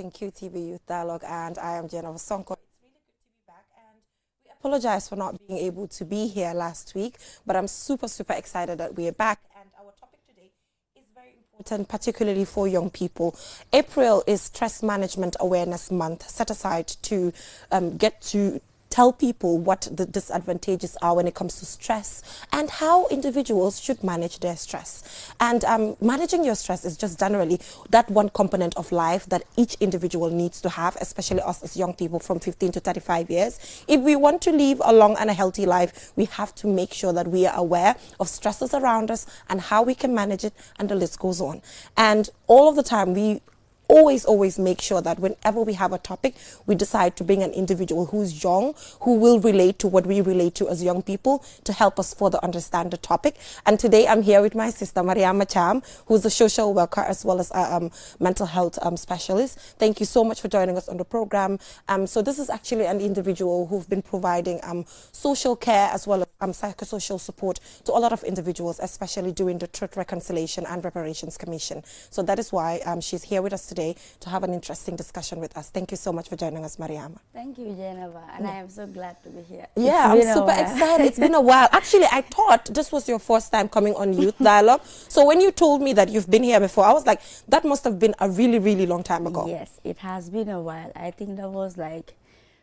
watching Youth Dialogue, and I am Jennifer Sonko. It's really good to be back, and we apologize for not being able to be here last week, but I'm super, super excited that we're back. And our topic today is very important, particularly for young people. April is Stress Management Awareness Month, set aside to um, get to tell people what the disadvantages are when it comes to stress and how individuals should manage their stress. And um, managing your stress is just generally that one component of life that each individual needs to have, especially us as young people from 15 to 35 years. If we want to live a long and a healthy life, we have to make sure that we are aware of stresses around us and how we can manage it, and the list goes on. And all of the time, we always, always make sure that whenever we have a topic, we decide to bring an individual who's young, who will relate to what we relate to as young people to help us further understand the topic. And today I'm here with my sister, Mariama Cham, who's a social worker as well as a um, mental health um, specialist. Thank you so much for joining us on the program. Um, so this is actually an individual who've been providing um, social care as well as um, psychosocial support to a lot of individuals, especially during the Truth Reconciliation and Reparations Commission. So that is why um, she's here with us today to have an interesting discussion with us. Thank you so much for joining us, Mariama. Thank you, Geneva, and yeah. I am so glad to be here. Yeah, I'm super excited. it's been a while. Actually, I thought this was your first time coming on Youth Dialogue. so when you told me that you've been here before, I was like, that must have been a really, really long time ago. Yes, it has been a while. I think that was like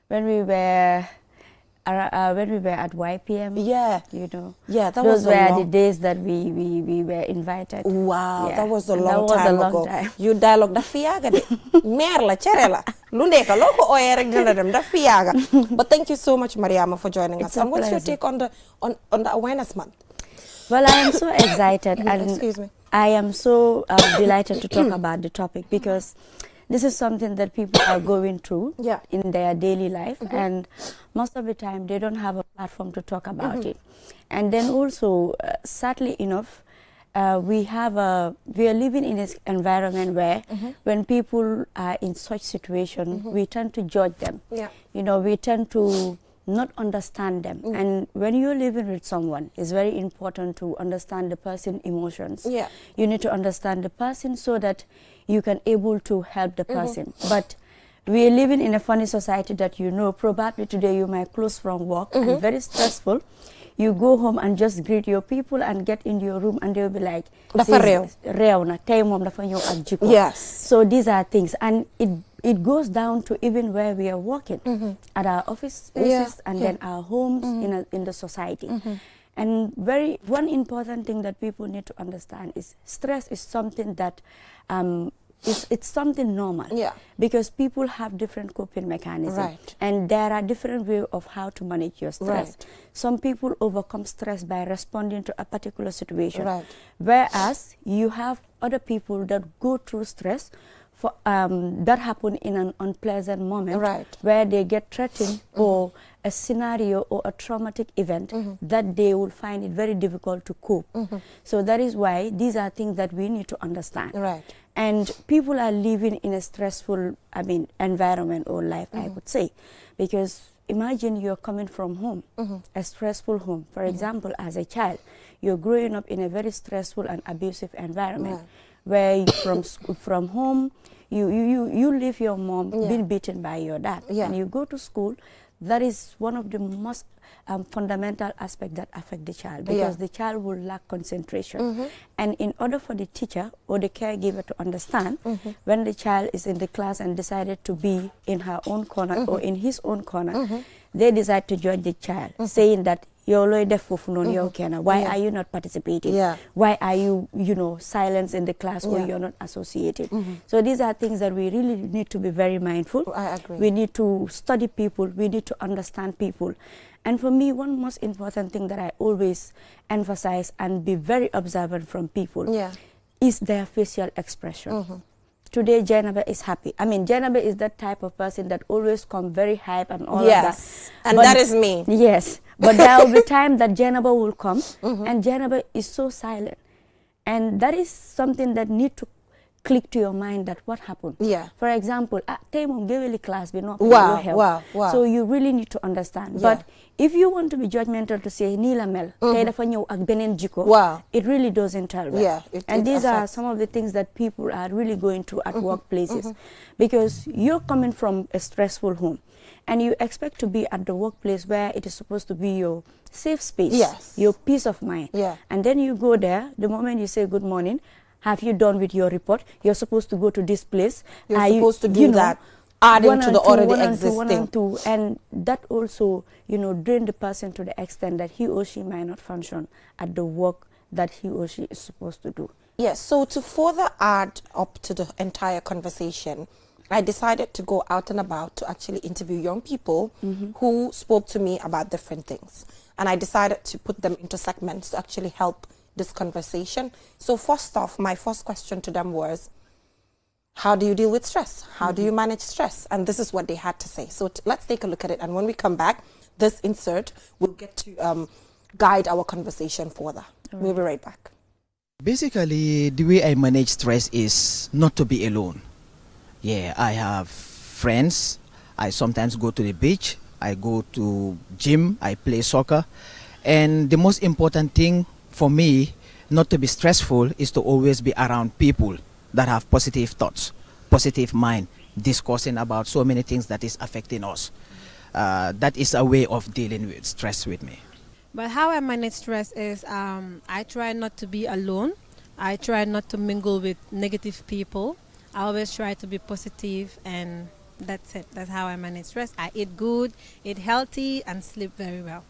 when we were uh, when we were at YPM. Yeah. Those was were the days that we, were invited. that was a long time You dialogue dafa de meer la cere la lu nekk loo But thank you so much Mariama for joining us. And what's your on the awareness month? Well, I am so excited and I am so uh, delighted to talk about the topic because this is something that people are going through yeah. in their daily life mm -hmm. and most of the time they don't have a platform to talk about mm -hmm. it and then also uh, sadly enough uh, we have a we are living in this environment where mm -hmm. when people are in such situation mm -hmm. we tend to judge them yeah. you know we tend to not understand them mm. and when you're living with someone it's very important to understand the person's emotions yeah. you need to understand the person so that you can able to help the mm-hmm. person. Mm -hmm. But we are living in a funny society that you know, probably today you might close from work mm -hmm. and mm-hmm. very stressful. You go home and just greet your people and get into your room and they'll be like, na, Yes. So these are things and it it goes down to even where we are working mm -hmm. at our office spaces yeah. and yeah. then our homes mm-hmm. in a, in the society. And very one important thing that people need to understand is stress is something that um, it's, it's something normal. Yeah. Because people have different coping mechanisms. Right. And there are different ways of how to manage your stress. Right. Some people overcome stress by responding to a particular situation. Right. Whereas you have other people that go through stress for, um, that happen in an unpleasant moment right. where they get threatened or a scenario or a traumatic event mm -hmm. that they will find it very difficult to cope. Mm -hmm. So that is why these are things that we need to understand. Right. And people are living in a stressful, I mean, environment or life, I mm-hmm. would say, because imagine you're coming from home, mm -hmm. a stressful home. For mm -hmm. example, as a child, you're growing up in a very stressful and abusive environment where from, from home, you, you, you leave your mom yeah. being beaten by your dad. Yeah. And you go to school that is one of the most um, fundamental aspect that affect the child because yeah. the child will lack concentration. Mm -hmm. And in order for the teacher or the caregiver to understand, mm -hmm. when the child is in the class and decided to be in her own corner mm -hmm. or mm-hmm. in his own corner, mm-hmm. they decide to judge the child, mm-hmm. saying that you're already deaf noonu yow kenn why are you not participating why are you you know silence in the class or you're not associated mm-hmm. so these are things that we really need to be very mindful I agree. we need to study people we need to understand people and for me, one most important thing that I always emphasize and be very observant from people yeah. is their facial expression. Mm -hmm. Today, Jainabe is happy. I mean, Jainabe is that type of person that always come very hype and all yes. of that. Yes, and but that is me. Yes, but there will be time that Janaba will come, mm -hmm. and Janaba is so silent, and that is something that need to click to your mind that what happened. Yeah. For example, at time of Beweli class, we not wow, help. Wow, wow. So you really need to understand. Yeah. But if you want to be judgmental to say Nila Mel, mm-hmm. wow. it really doesn't tell well. Yeah, it, and it these affects. are some of the things that people are really going through at mm -hmm. workplaces. Mm -hmm. Because you're coming from a stressful home and you expect to be at the workplace where it is supposed to be your safe space, yes. your peace of mind. Yeah. And then you go there, the moment you say good morning, have you done with your report? You're supposed to go to this place. You're Are supposed you, to do you know, that. Adding to the two, already one existing. One and, two, and that also, you know, drain the person to the extent that he or she might not function at the work that he or she is supposed to do. Yes, so to further add up to the entire conversation, I decided to go out and about to actually interview young people mm -hmm. who spoke to me about different things. And I decided to put them into segments to actually help this conversation. So, first off, my first question to them was, how do you deal with stress? How mm -hmm. do mm-hmm. you manage stress? And this is what they had to say. So let's take a look at it. And when we come back, this insert will get to um, guide our conversation further. Right. We'll be right back. Basically, the way I manage stress is not to be alone. Yeah, I have friends. I sometimes go to the beach. I go to gym. I play soccer. And the most important thing for me, not to be stressful, is to always be around people that have positive thoughts, positive mind, discussing about so many things that is affecting us. Uh, that is a way of dealing with stress with me. But how I manage stress is um, I try not to be alone. I try not to mingle with negative people. I always try to be positive and that's it. That's how I manage stress. I eat good, eat healthy, and sleep very well.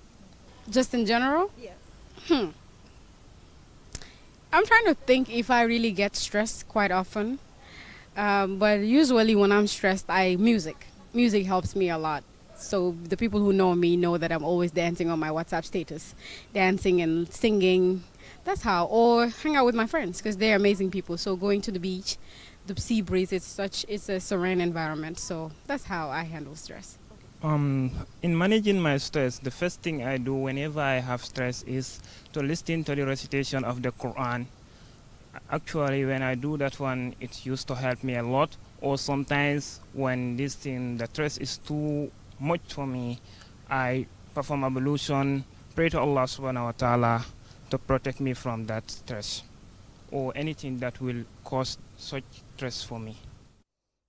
Just in general? Yes. Hmm. I'm trying to think if I really get stressed quite often. Um, but usually when I'm stressed, I music. Music helps me a lot. So the people who know me know that I'm always dancing on my WhatsApp status, dancing and singing. That's how. Or hang out with my friends because they're amazing people. So going to the beach, the sea breeze. It's such it's a serene environment. So that's how I handle stress. Um, in managing my stress, the first thing I do whenever I have stress is to listen to the recitation of the Quran. Actually, when I do that one, it used to help me a lot. Or sometimes when this thing, the stress is too much for me, I perform ablution, pray to Allah subhanahu wa ta'ala to protect me from that stress or anything that will cause such stress for me.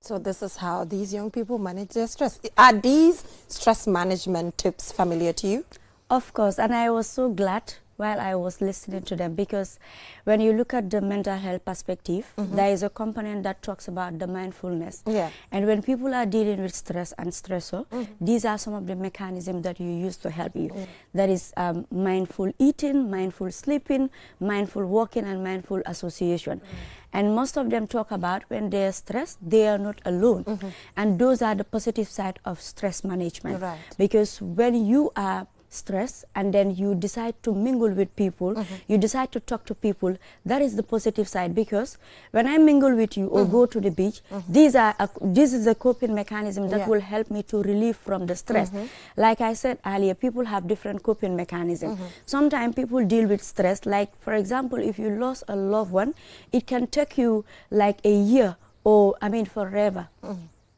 So this is how these young people manage their stress. Are these stress management tips familiar to you? Of course, and I was so glad while I was listening to them because when you look at the mental health perspective, mm -hmm. there is a component that talks about the mindfulness. Yeah. And when people are dealing with stress and stressor, mm -hmm. these are some of the mechanisms that you use to help you. Mm-hmm. That is um, mindful eating, mindful sleeping, mindful walking, and mindful association. Mm -hmm. And most of them talk about when they are stressed, they are not alone. Mm-hmm. And those are the positive side of stress management. Right. Because when you are stress and then you decide to mingle with people mm -hmm. you decide to talk to people that is the positive side because when i mingle with you or mm -hmm. go mm-hmm. to the beach mm -hmm. these are a, this is a coping mechanism that yeah. will help me to relieve from the stress mm-hmm. like i said earlier people have different coping mechanisms mm-hmm. sometimes people deal with stress like for example if you lost a loved one it can take you like a year or i mean forever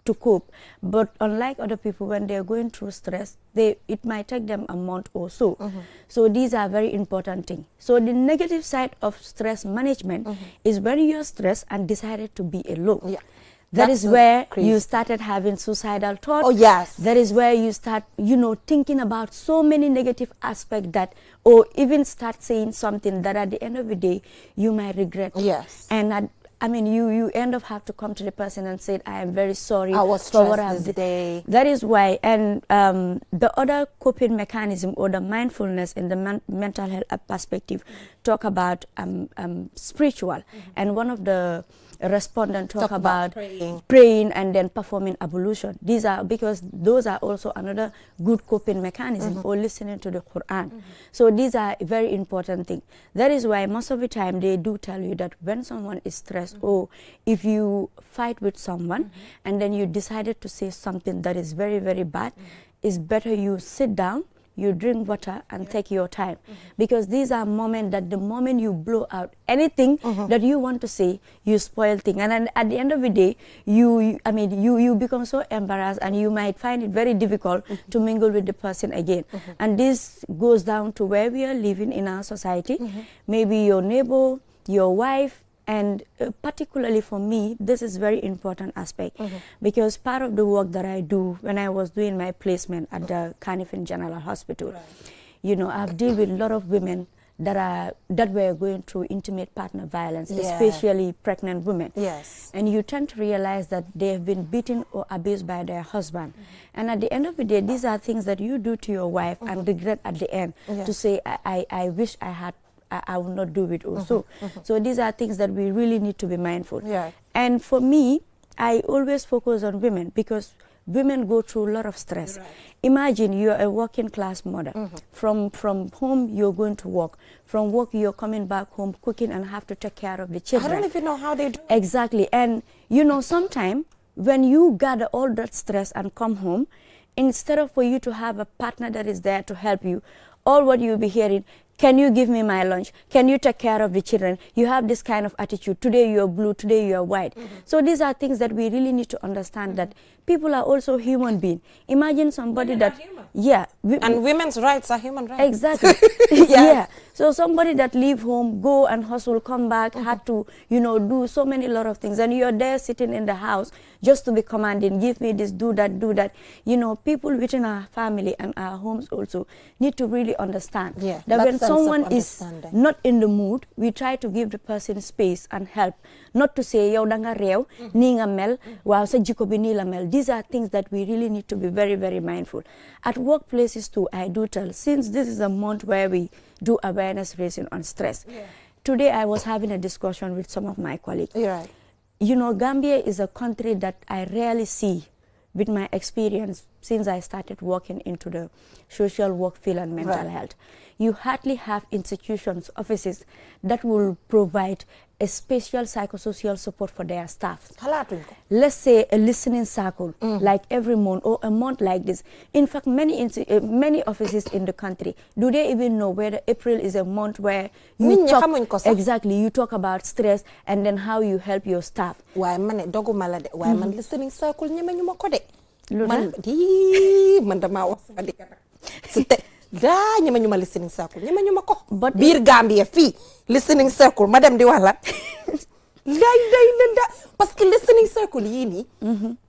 to cope. But unlike other people, when they're going through stress, they it might take them a month or so. Mm -hmm. So these are very important things. So the negative side of stress management mm -hmm. is when you're stressed and decided to be alone. Yeah. That That's is where crazy. you started having suicidal thoughts. Oh yes. That is where you start, you know, thinking about so many negative aspects that, or even start saying something that at the end of the day you might regret. Yes. And at, I mean, you you end up have to come to the person and say, "I am very sorry." I was stressed what this day. That is why, and um, the other coping mechanism or the mindfulness and the mental health perspective talk about um, um, spiritual, mm -hmm. and one of the respondent talk, talk about, about praying. praying. and then performing ablution. These are because those are also another good coping mechanism mm -hmm. for listening to the Quran. Mm -hmm. So these are very important thing. That is why most of the time they do tell you that when someone is stressed mm -hmm. or if you fight with someone mm-hmm. and then you decided to say something that is very very bad, mm-hmm. it's better you sit down you drink water and yeah. take your time. Mm -hmm. Because these are moments that the moment you blow out anything mm -hmm. that you want to say, you spoil things. And, at the end of the day, you, you, I mean, you, you become so embarrassed and you might find it very difficult mm -hmm. to mingle with the person again. Mm-hmm. And this goes down to where we are living in our society. Mm-hmm. Maybe your neighbor, your wife, and uh, particularly for me this is very important aspect mm -hmm. because part of the work that i do when i was doing my placement at the carnifin general hospital right. you know i've dealt with a lot of women that are that were going through intimate partner violence, yeah. especially pregnant women. Yes. And you tend to realize that they have been beaten or abused by their husband. Mm -hmm. And at the end of the day, these are things that you do to your wife mm -hmm. and mm-hmm. regret at the end to say, I, I, I wish I had I, I will not do it also. Mm -hmm. Mm -hmm. So these are things that we really need to be mindful. Yeah. And for me, I always focus on women because women go through a lot of stress. Right. Imagine you're a working class mother. Mm -hmm. From from home you're going to work. From work you're coming back home cooking and have to take care of the children. I don't even know how they do. Exactly. And you know sometimes when you gather all that stress and come home, instead of for you to have a partner that is there to help you, all what you'll be hearing, can you give me my lunch? Can you take care of the children? You have this kind of attitude. Today you are blue, today you are white. Mm -hmm. So these are things that we really need to understand mm -hmm. that people are also human beings. Imagine somebody women that. Yeah. We, and women's rights are human rights. Exactly. yes. Yeah. So somebody that leave home, go and hustle, come back, mm -hmm. had to, you know, do so many lot of things. And you're there sitting in the house just to be commanding, give me this, do that, do that. You know, people within our family and our homes also need to really understand yeah, that when someone is not in the mood we try to give the person space and help not to say yo danga reo, réew mm-hmm. nga mel waaw sa ni bi la mel these are things that we really need to be very very mindful at workplaces too I do tell since this is a month where we do awareness raising on stress yeah. today I was having a discussion with some of my colleagues right. you know Gambia is a country that I rarely see with my experience since I started working into the social work field and mental right. health. You hardly have institutions, offices that will provide a special psychosocial support for their staff. Let's say a listening circle, mm. like every month or a month like this. In fact, many uh, many offices in the country do they even know whether April is a month where you talk exactly you talk about stress and then how you help your staff. Why man dogo malade? Why man mm-hmm. listening circle? mana di manda ma wax sama dikata c'était da ñama ñuma listening circle ñama ñuma ko bir gambia fi listening circle madam di wax la lay day parce listening circle yi ni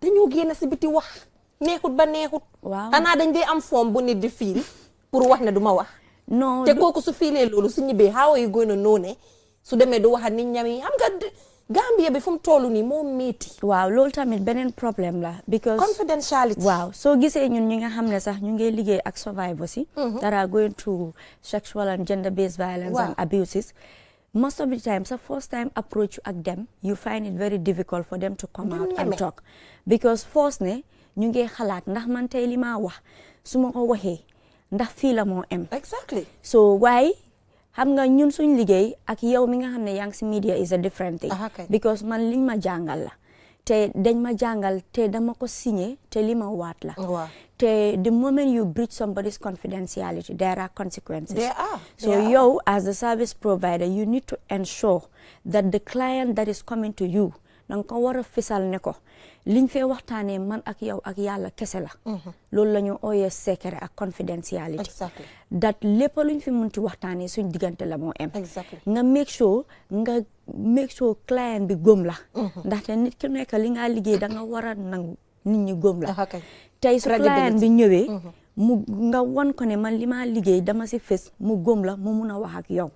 dañu génn ci biti wax neexut ba neexut xanaa dañ am form bu nit di fiil pour wax ne duma wax non te kooku su fiilee loolu su ñibbee how are you going to know ne su demee du waxat nit ñami xam nga Gambia bi fu mu toll nii moo métti. waaw loolu tamit beneen problème la. because confidentiality. waaw soo gisee ñun ñi nga xam ne sax ñu ngi liggéey ak survivors yi. Mhm. that are going through sexual and gender based violence. and abuses. most of the time sa first time approach ak dem you find it very difficult for them to come out and talk. because force ne ñu ngi xalaat ndax man li ma wax su ma ko waxee ndax fii la moo am. exactly so waaye. xam nga ñun suñ liggéey ak yow mi nga xam ne yaa ngi si media is a different thing because man liñ ma jàngal la te dañ ma jàngal te dama ko signé te li ma waat la te the moment you breach somebody's confidentiality there are consequences there are so yow as the service provider you need to ensure that the client that is coming to you danga ko war a fisal ne ko liñ fee waxtaanee man ak yow ak yàlla kese la mhm. loolu la ñu ooyee secret ak confidentialité dat lépp luñ fi mun ci waxtaanee suñ diggante la moo am nga make sure nga make sure client bi góom la mhm. ndaxte nit ki nekk li ngaa liggéey da nga war nangu nit ñi góom la tey su client bi ñëwee mhm. nga wan ko ne man li maa liggéey dama si mu góom la mu mun a wax ak yow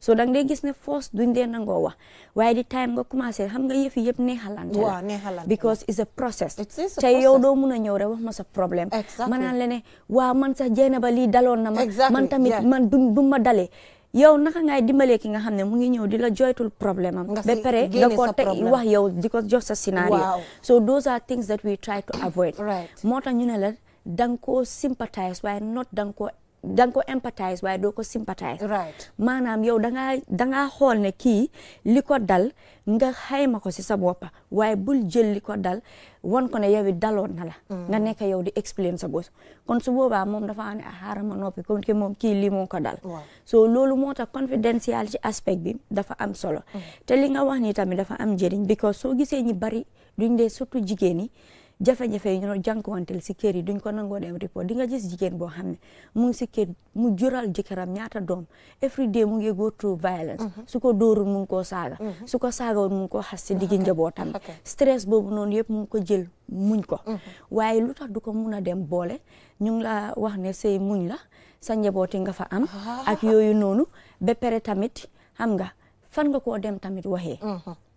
so dang dee gis ne force duñ dee nangoo wax waaye di time nga commencé xam nga yëfi yëpp neexalante la because it's a process te yow doo mun a ñëw rek wax ma sa problème ma naan la ne waaw man sax jeena ba lii daloon na ma man tamit man du ma dalee yow naka ngay dimbale ki nga xam ne mu ngi ñëw di la joytul problème am. nga si pare da ko teg wax yow di ko jox sa scénario. so those are things that we try to avoid. moo tax ñu ne la danga koo sympathize waaye not danga koo da nga ko empathize waaye doo ko sympathize. right maanaam yow da ngaa xool ne kii li ko dal nga xayma ko si sa bopp waaye bul jël li ko dal won ko ne yow it daloon na la. Hmm. nga nekk yow di explain sa bopp. kon su boobaa moom dafa ne ah xaaral ma noppi comme que moom kii lii moo ko dal. so loolu moo tax confidentiality aspect bi dafa am solo. Hmm. te li nga wax ni tamit dafa am njëriñ because soo gisee ñi bari duñ dee surtout jigéen ñi. jafe-jafe yi ñu doon jànkuwanteel si kër yi duñ ko nangoo dem report di nga gis jigéen boo xam ne mu ngi si kër mu jural jëkkëram ñaata doom every day mu ngi go through violence mm-hmm. su ko dóorul mu ngi koo saaga mm-hmm. su ko saagawul mu ngi koo xas si diggi njabootam stress boobu noonu yëpp mu ngi ko jël muñ ko mm-hmm. waaye lu tax du ko mun a dem boole ñu ngi la wax ne say muñ la sa njabooti nga fa am ah. ak yooyu noonu ba pare tamit xam nga fan nga ko dem tamit waxee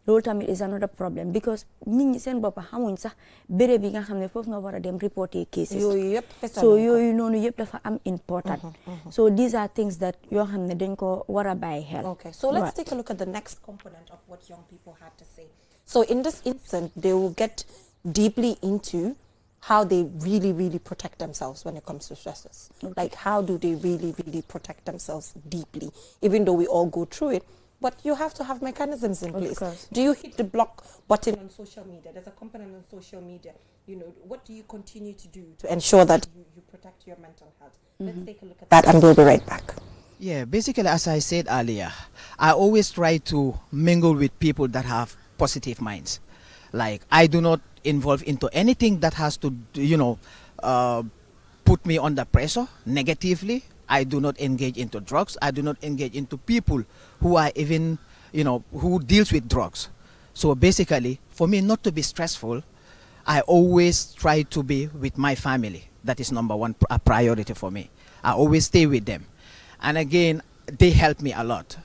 loolu tamit is another problem because nit ñi seen bopp xamuñ sax béréb yi nga xam ne foofu nga war a dem reporter cases yooyu yëpp so yooyu noonu yëpp dafa am important mm-hmm, mm-hmm. so these are things that yoo xam ne dañ ko war a bàyyi xel okay so let's take a look at the next component of what young people had to say so in this instance they will get deeply into how they really, really protect themselves when it comes to stressors. Okay. Like, how do they really, really protect themselves deeply, even though we all go through it? But you have to have mechanisms in place. Do you hit the block button on social media? There's a component on social media. You know, what do you continue to do to ensure that you, you protect your mental health? Mm -hmm. Let's mm-hmm. take a look at that, that and we'll be right back. Yeah, basically, as I said earlier, I always try to mingle with people that have positive minds. Like, I do not involve into anything that has to, you know, uh, put me under pressure negatively I do not engage into drugs. I do not engage into people who are even, you know, who deals with drugs. So basically, for me not to be stressful, I always try to be with my family. That is number one a priority for me. I always stay with them. And again, they help me a lot.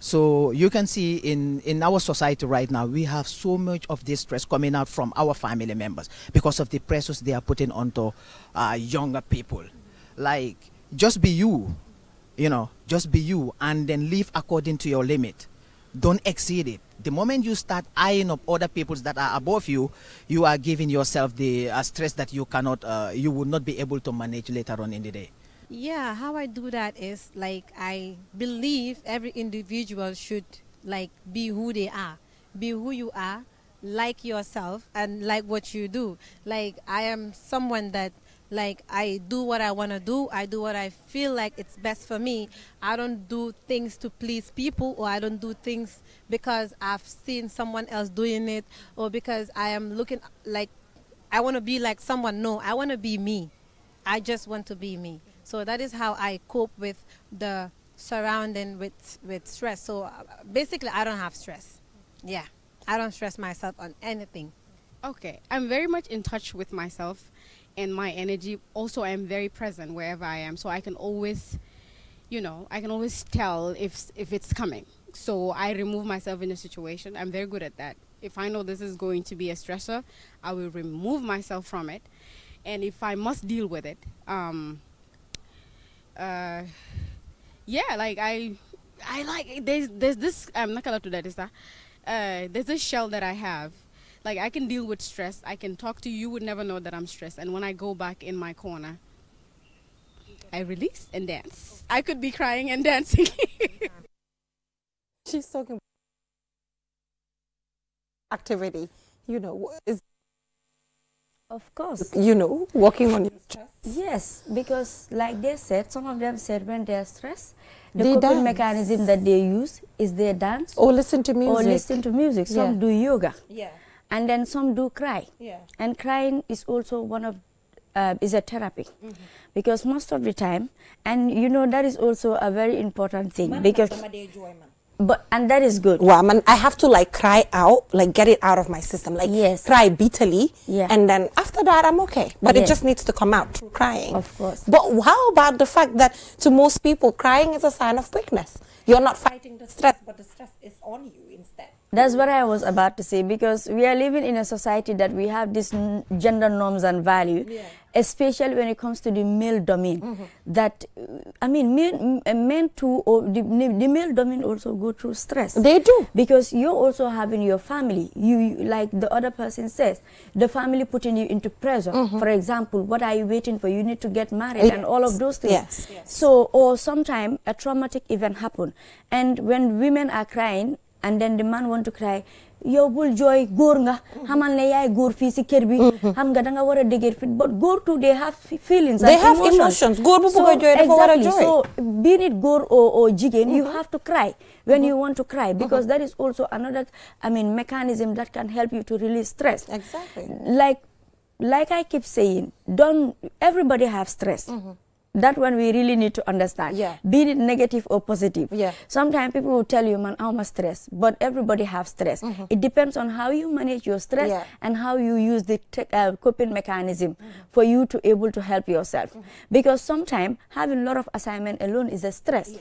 So you can see in, in our society right now, we have so much of this stress coming out from our family members because of the pressures they are putting onto uh, younger people. Like just be you you know just be you and then live according to your limit don't exceed it the moment you start eyeing up other people's that are above you you are giving yourself the uh, stress that you cannot uh, you will not be able to manage later on in the day yeah how i do that is like i believe every individual should like be who they are be who you are like yourself and like what you do like i am someone that like I do what I want to do. I do what I feel like it's best for me. I don't do things to please people or I don't do things because I've seen someone else doing it or because I am looking like I want to be like someone. No, I want to be me. I just want to be me. So that is how I cope with the surrounding with with stress. So uh, basically I don't have stress. Yeah. I don't stress myself on anything. Okay, I'm very much in touch with myself and my energy. Also, I am very present wherever I am, so I can always, you know, I can always tell if if it's coming. So I remove myself in a situation. I'm very good at that. If I know this is going to be a stressor, I will remove myself from it, and if I must deal with it, um, uh, yeah, like I, I like there's there's this I'm not allowed to that is that. Uh, there's a shell that I have like I can deal with stress. I can talk to you. You would never know that I'm stressed. And when I go back in my corner, I release and dance. I could be crying and dancing. She's talking activity. You know, is of course. You know, working on your stress. Yes, because like they said, some of them said when they are stressed, the they coping dance. mechanism that they use is their dance. Or listen to music. Or listen to music. Some yeah. do yoga. Yeah and then some do cry. Yeah. And crying is also one of uh, is a therapy mm -hmm. because most of the time, and you know that is also a very important thing man because. But and that is good. Well, I, mean, I have to like cry out, like get it out of my system, like yes. cry bitterly, yeah. and then after that I'm okay. But yes. it just needs to come out crying. Of course. But how about the fact that to most people crying is a sign of weakness? You're not fighting the stress, but the stress is on you. That's what I was about to say because we are living in a society that we have these gender norms and value, yeah. especially when it comes to the male domain. Mm -hmm. That I mean, men, men too, or the, the, male domain also go through stress. They do because you're also having your family. You, you like the other person says, the family putting you into pressure. Mm -hmm. For example, what are you waiting for? You need to get married yes. and all of those things. Yes. yes. So, or sometimes a traumatic event happen, and when women are crying and then the man want to cry yow bul jooy góor nga xamal ne yaay góor fii si kër bi mm-hmm. xam nga da nga war a dëgër fit but góor too they have feelings they have emotions góor bu bëgg a jooy dafa war so be it góor o jigéen you mm-hmm. have to cry when you mm-hmm. want to cry because that is also another I mean mechanism that can help you to release stress exactly like like I keep saying don't everybody have stress that one we really need to understand. Yeah. Be it negative or positive. Yeah. Sometimes people will tell you, man, I'm stress, but everybody have stress. Mm -hmm. It depends on how you manage your stress yeah. and how you use the uh, coping mechanism mm -hmm. for you to able to help yourself. Mm -hmm. Because sometimes having a lot of assignment alone is a stress. Yes.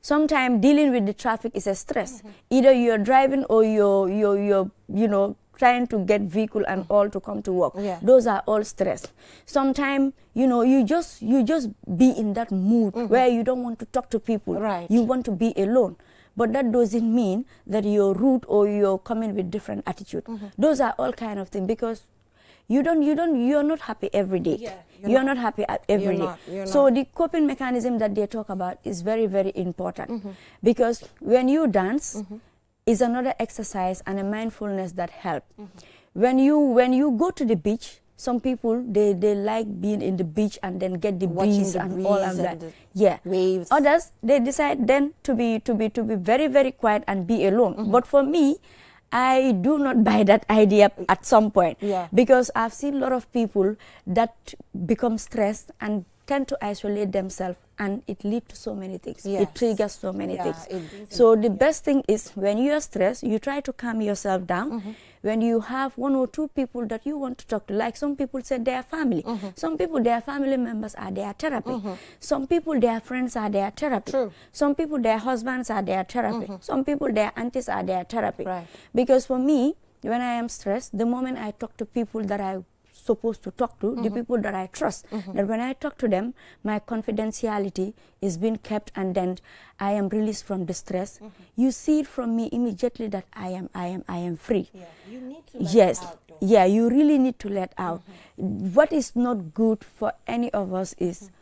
Sometimes dealing with the traffic is a stress. Mm-hmm. Either you're driving or you're, you're, you're you know, trying to get vehicle and all to come to work. Yeah. Those are all stress. Sometimes, you know, you just you just be in that mood mm -hmm. where you don't want to talk to people. Right. You want to be alone. But that doesn't mean that you're rude or you're coming with different attitude. Mm -hmm. Those are all kind of things because you don't you don't you're not happy every day yeah, you're, you're not, not, happy every you're day. Not, you're so not. the coping mechanism that they talk about is very very important mm -hmm. because when you dance mm -hmm is another exercise and a mindfulness that help. Mm -hmm. When you when you go to the beach, some people they, they like being in the beach and then get the Watching breeze the and breeze all of that. Yeah. Waves. Others they decide then to be to be to be very very quiet and be alone. Mm -hmm. But for me, I do not buy that idea at some point yeah. because I've seen a lot of people that become stressed and tend to isolate themselves and it leads to so many things. Yes. It triggers so many yeah, things. so the yeah. best thing is when you are stressed, you try to calm yourself down. Mm -hmm. When you have one or two people that you want to talk to, like some people said their family. Mm -hmm. Some people, their family members are their therapy. Mm -hmm. Some people, their friends are their therapy. True. Some people, their husbands are their therapy. Mm-hmm. Some people, their aunties are their therapy. Right. Because for me, when I am stressed, the moment I talk to people that I supposed to talk to, mm -hmm. the mm-hmm. people that I trust. Mm -hmm. That when I talk to them, my confidentiality is being kept and then I am released from distress. Mm -hmm. You see it from me immediately that I am, I am, I am free. Yeah. You need to yes. Out, yeah, you really need to let out. Mm-hmm. What is not good for any of us is mm-hmm.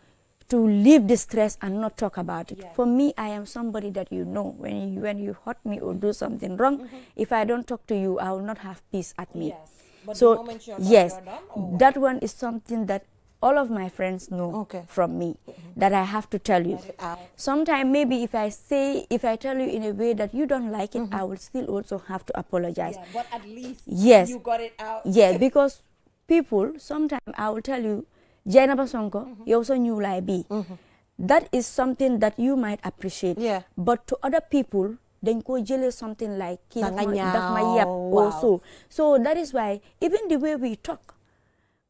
to leave the stress and not talk about it. For me, I am somebody that you know. When you, when you hurt me or do something wrong, mm -hmm. if I don't talk to you, I will not have peace at me. Yes. But so yes, done, oh, that one is something that all of my friends know okay. from me mm-hmm. that I have to tell you. Uh, sometimes maybe if I say if I tell you in a way that you don't like it, mm -hmm. I will still also have to apologize. Yeah, but at least yes, you got it out. Yeah, because people sometimes I will tell you, Jenaba basongo, mm-hmm. you also knew I be. Mm-hmm. That is something that you might appreciate. Yeah. But to other people, dañ ko something like kii daf also so that is why even the way we talk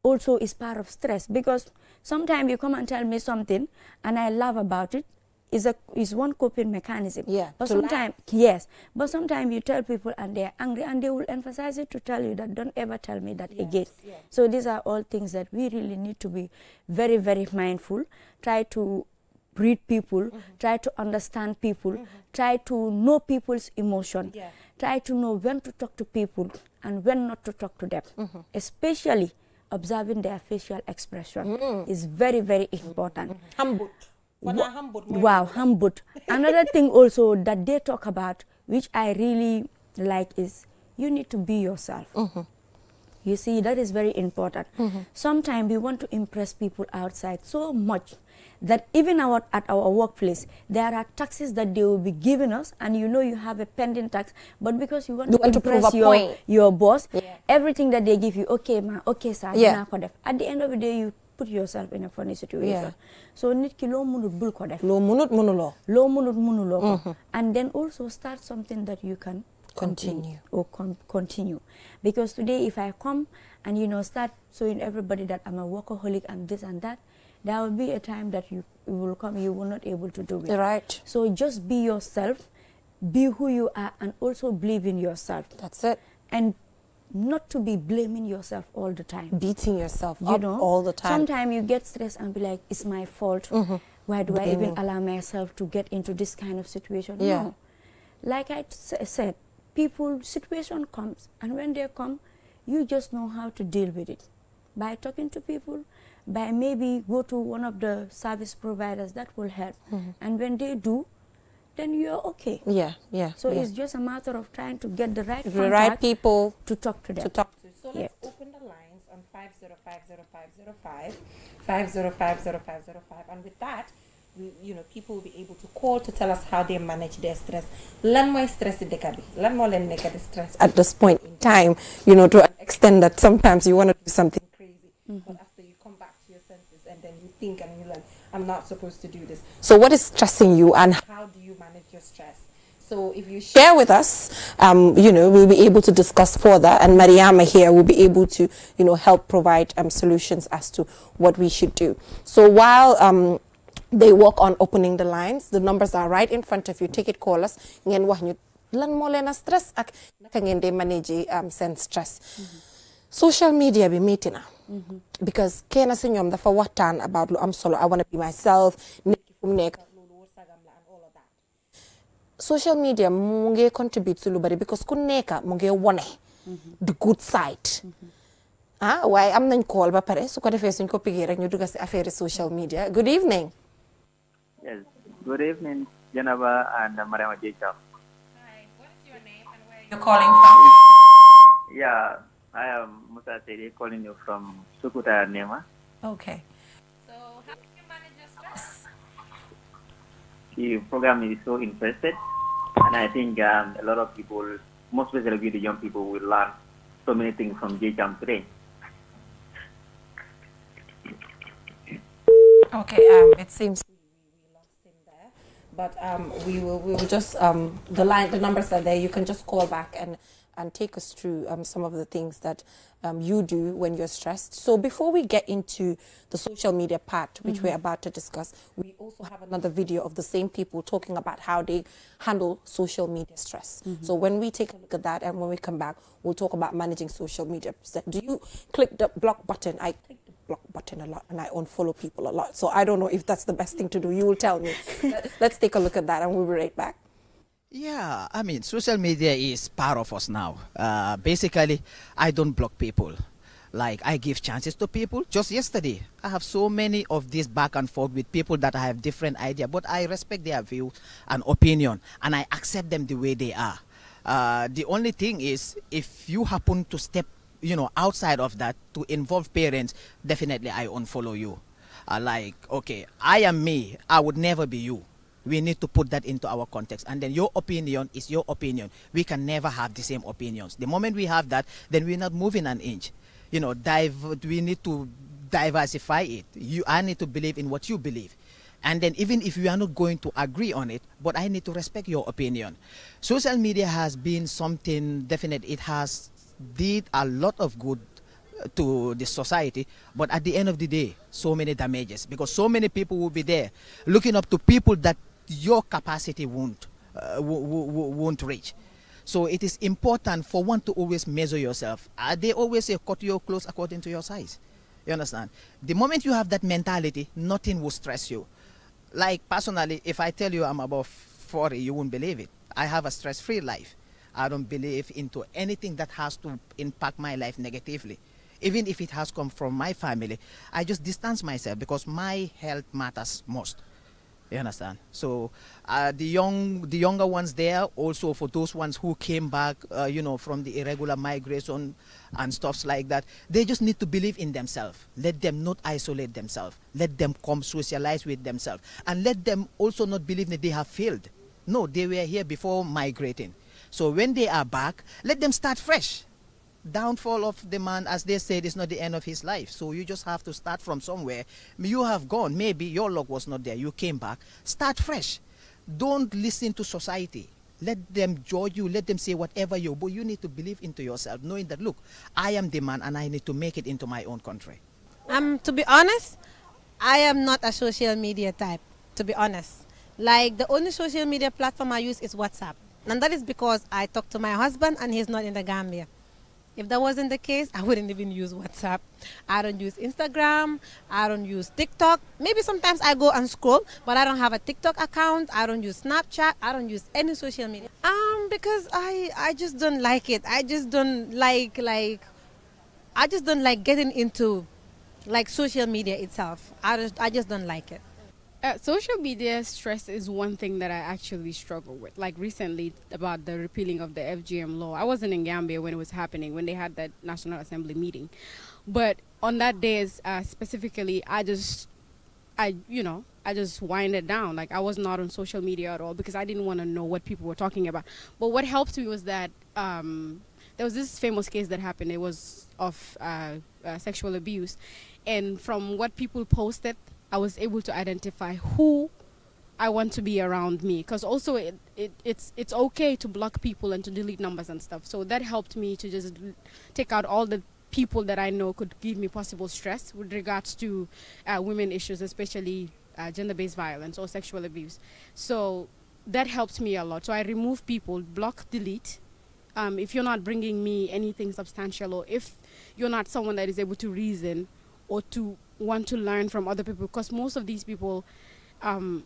also is part of stress because sometimes you come and tell me something and I laugh about it is a is one coping mechanism. Yeah. But sometimes yes. But sometimes you tell people and they're angry and they will emphasize it to tell you that don't ever tell me that yes, again. Yes. So these are all things that we really need to be very, very mindful. Try to read people, mm -hmm. try to understand people, mm -hmm. try to know people's emotion, yeah. try to know when to talk to people and when not to talk to them, mm -hmm. especially observing their facial expression mm. is very, very mm-hmm. important. Humbled. Wow, humbled. Another thing also that they talk about, which I really like, is you need to be yourself. Mm-hmm. You see, that is very important. Mm-hmm. Sometimes we want to impress people outside so much that even our, at our workplace, there are taxes that they will be giving us, and you know you have a pending tax, but because you want, you to, want impress your, point. your boss, yeah. everything that they give you, okay, ma, okay, sir, yeah. at the end of the day, you put yourself in a funny situation. Yeah. So need ki lo munut bul ko def. Lo munut munulo. Lo munut munulo. Mm-hmm. And then also start something that you can continue or continue. Because today if I come and you know start showing everybody that I'm a workaholic and this and that, there will be a time that you, you will come, you will not able to do it. Right. So just be yourself, be who you are, and also believe in yourself. That's it. And not to be blaming yourself all the time. Beating yourself you up know? all the time. Sometimes you get stressed and be like, it's my fault. Mm -hmm. Why do I even allow myself to get into this kind of situation? Yeah. No. Like I said, people, situation comes. And when they come, you just know how to deal with it. By talking to people, by maybe go to one of the service providers that will help. Mm -hmm. And when they do, then you're okay. Yeah, yeah. So yeah. it's just a matter of trying to get the right the right people to talk to them. To talk to. So let's open the lines on 5050505, 5050505, and with that, we, you know, people will be able to call to tell us how they manage their stress. Learn more stress in Dekabi. Learn more than the stress at this point in time. You know, to an extent that sometimes you want to do something crazy. Mm -hmm think and you learn, I'm not supposed to do this. So, what is stressing you and how do you manage your stress? So if you share with us, um, you know, we'll be able to discuss further and Mariama here will be able to, you know, help provide um, solutions as to what we should do. So while um, they work on opening the lines, the numbers are right in front of you. Take it, call us. Ngeen wax lan stress ak naka not manage manage um, seen stress. Mm-hmm. Social media bi metti na. because kenn si ñoom dafa waxtaan about lu am solo I want to be myself nit ki fu mu nekk social media mu ngi contribute to lu bari because ku nekka mu ngi wone the good side mm -hmm. ah why am nañ call ba pare su ko defee suñ ko pigee rek ñu dugg si affaire social media good evening yes good evening Jenaba and Mariama J. Chow. Hi, what's your name and where are you calling from? Yeah, I am Musa Tere calling you from Sukuta Nema. Okay. So, how do you manage your stress? The program is so interested, and I think um, a lot of people, most especially the young people, will learn so many things from JCAM today. Okay, um, it seems we but um, we will we will just um, the line the numbers are there. You can just call back and and take us through um, some of the things that um, you do when you're stressed. So before we get into the social media part, which mm -hmm. we're about to discuss, we also have another video of the same people talking about how they handle social media stress. Mm -hmm. So when we take a look at that and when we come back, we'll talk about managing social media. Do you click the block button? I click the block button a lot and I unfollow people a lot. So I don't know if that's the best thing to do. You will tell me. Let's take a look at that and we'll be right back. Yeah, I mean, social media is part of us now. Uh, basically, I don't block people. Like, I give chances to people. Just yesterday, I have so many of this back and forth with people that I have different idea, but I respect their view and opinion, and I accept them the way they are. Uh, the only thing is, if you happen to step, you know, outside of that to involve parents, definitely I unfollow you. Uh, like, okay, I am me. I would never be you we need to put that into our context. And then your opinion is your opinion. We can never have the same opinions. The moment we have that, then we're not moving an inch. You know, dive, we need to diversify it. You, I need to believe in what you believe. And then even if we are not going to agree on it, but I need to respect your opinion. Social media has been something definite. It has did a lot of good uh, to the society but at the end of the day so many damages because so many people will be there looking up to people that your capacity won't, uh, won't reach. So it is important for one to always measure yourself. Are they always say, cut your clothes according to your size? You understand? The moment you have that mentality, nothing will stress you. Like personally, if I tell you I'm above 40, you won't believe it. I have a stress-free life. I don't believe into anything that has to impact my life negatively. Even if it has come from my family, I just distance myself because my health matters most. You understand? So uh, the young, the younger ones there, also for those ones who came back, uh, you know, from the irregular migration and stuffs like that, they just need to believe in themselves. Let them not isolate themselves. Let them come socialize with themselves, and let them also not believe that they have failed. No, they were here before migrating. So when they are back, let them start fresh downfall of the man, as they said, is not the end of his life. So you just have to start from somewhere. You have gone. Maybe your luck was not there. You came back. Start fresh. Don't listen to society. Let them judge you. Let them say whatever you. But you need to believe into yourself, knowing that look, I am the man, and I need to make it into my own country. Um, to be honest, I am not a social media type. To be honest, like the only social media platform I use is WhatsApp, and that is because I talk to my husband, and he's not in the Gambia. If that wasn't the case, I wouldn't even use WhatsApp. I don't use Instagram. I don't use TikTok. Maybe sometimes I go and scroll, but I don't have a TikTok account. I don't use Snapchat. I don't use any social media. Um, because I I just don't like it. I just don't like like. I just don't like getting into like social media itself. I just I just don't like it. Uh, social media stress is one thing that I actually struggle with. Like recently, about the repealing of the FGM law. I wasn't in Gambia when it was happening, when they had that National Assembly meeting. But on that day, uh, specifically, I just, I, you know, I just winded down. Like I was not on social media at all because I didn't want to know what people were talking about. But what helped me was that um, there was this famous case that happened. It was of uh, uh sexual abuse, and from what people posted I was able to identify who I want to be around me because also it, it, it's it's okay to block people and to delete numbers and stuff. So that helped me to just take out all the people that I know could give me possible stress with regards to uh, women issues, especially uh, gender-based violence or sexual abuse. So that helps me a lot. So I remove people, block, delete. Um, if you're not bringing me anything substantial or if you're not someone that is able to reason or to want to learn from other people because most of these people um,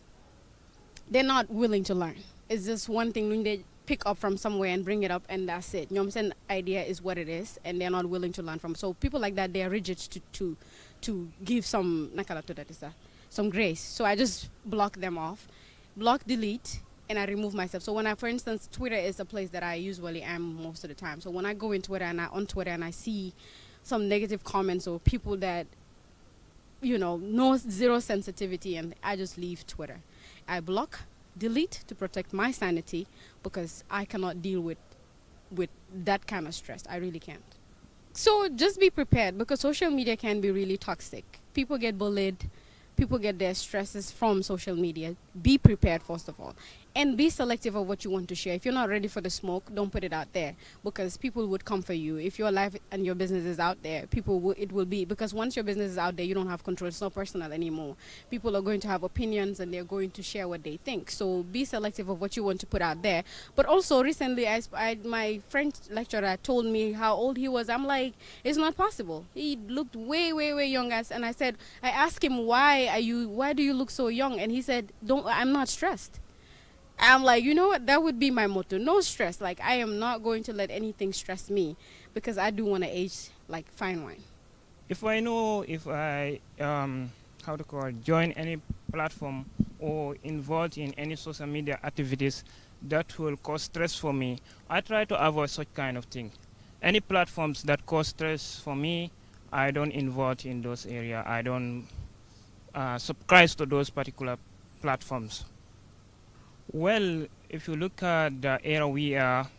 they're not willing to learn it's just one thing when they pick up from somewhere and bring it up and that's it you know what i'm saying idea is what it is and they're not willing to learn from so people like that they're rigid to to to give some some grace so i just block them off block delete and i remove myself so when i for instance twitter is a place that i usually am most of the time so when i go in twitter and i on twitter and i see some negative comments or people that you know no zero sensitivity and i just leave twitter i block delete to protect my sanity because i cannot deal with with that kind of stress i really can't so just be prepared because social media can be really toxic people get bullied people get their stresses from social media be prepared first of all and be selective of what you want to share. If you're not ready for the smoke, don't put it out there because people would come for you. If your life and your business is out there, people will, it will be because once your business is out there, you don't have control. It's not personal anymore. People are going to have opinions and they're going to share what they think. So be selective of what you want to put out there. But also recently, I, I my French lecturer told me how old he was. I'm like, it's not possible. He looked way, way, way younger. And I said, I asked him, why are you? Why do you look so young? And he said, don't. I'm not stressed. I'm like, you know what? That would be my motto. No stress. Like, I am not going to let anything stress me because I do want to age like fine wine. If I know if I, um, how to call it, join any platform or involved in any social media activities that will cause stress for me, I try to avoid such kind of thing. Any platforms that cause stress for me, I don't involve in those area. I don't uh, subscribe to those particular platforms. Well, if you look at the era we are,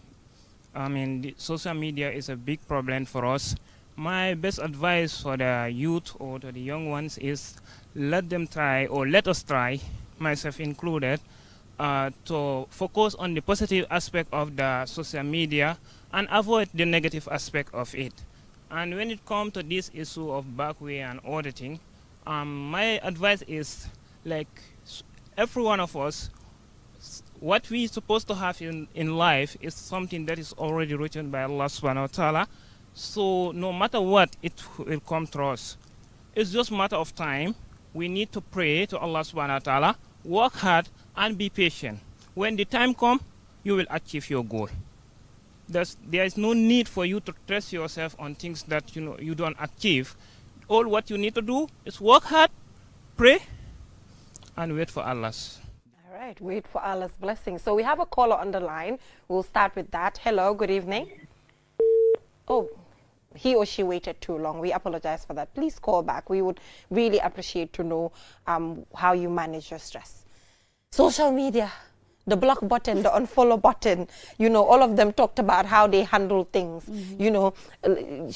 I mean, social media is a big problem for us. My best advice for the youth or to the young ones is let them try, or let us try, myself included, uh, to focus on the positive aspect of the social media and avoid the negative aspect of it. And when it comes to this issue of backway and auditing, um, my advice is like every one of us what we supposed to have in, in life is something that is already written by Allah subhanahu wa ta'ala. So no matter what, it will come to us. It's just matter of time. We need to pray to Allah subhanahu wa ta'ala, work hard and be patient. When the time comes, you will achieve your goal. There's, there is no need for you to stress yourself on things that you know you don't achieve. All what you need to do is work hard, pray, and wait for Allah right, wait for Allah's blessing. So we have a caller on the line. We'll start with that. Hello, good evening. Oh, he or she waited too long. We apologize for that. Please call back. We would really appreciate to know um, how you manage your stress. Social media, the block button, the unfollow button, you know, all of them talked about how they handle things. Mm -hmm. You know,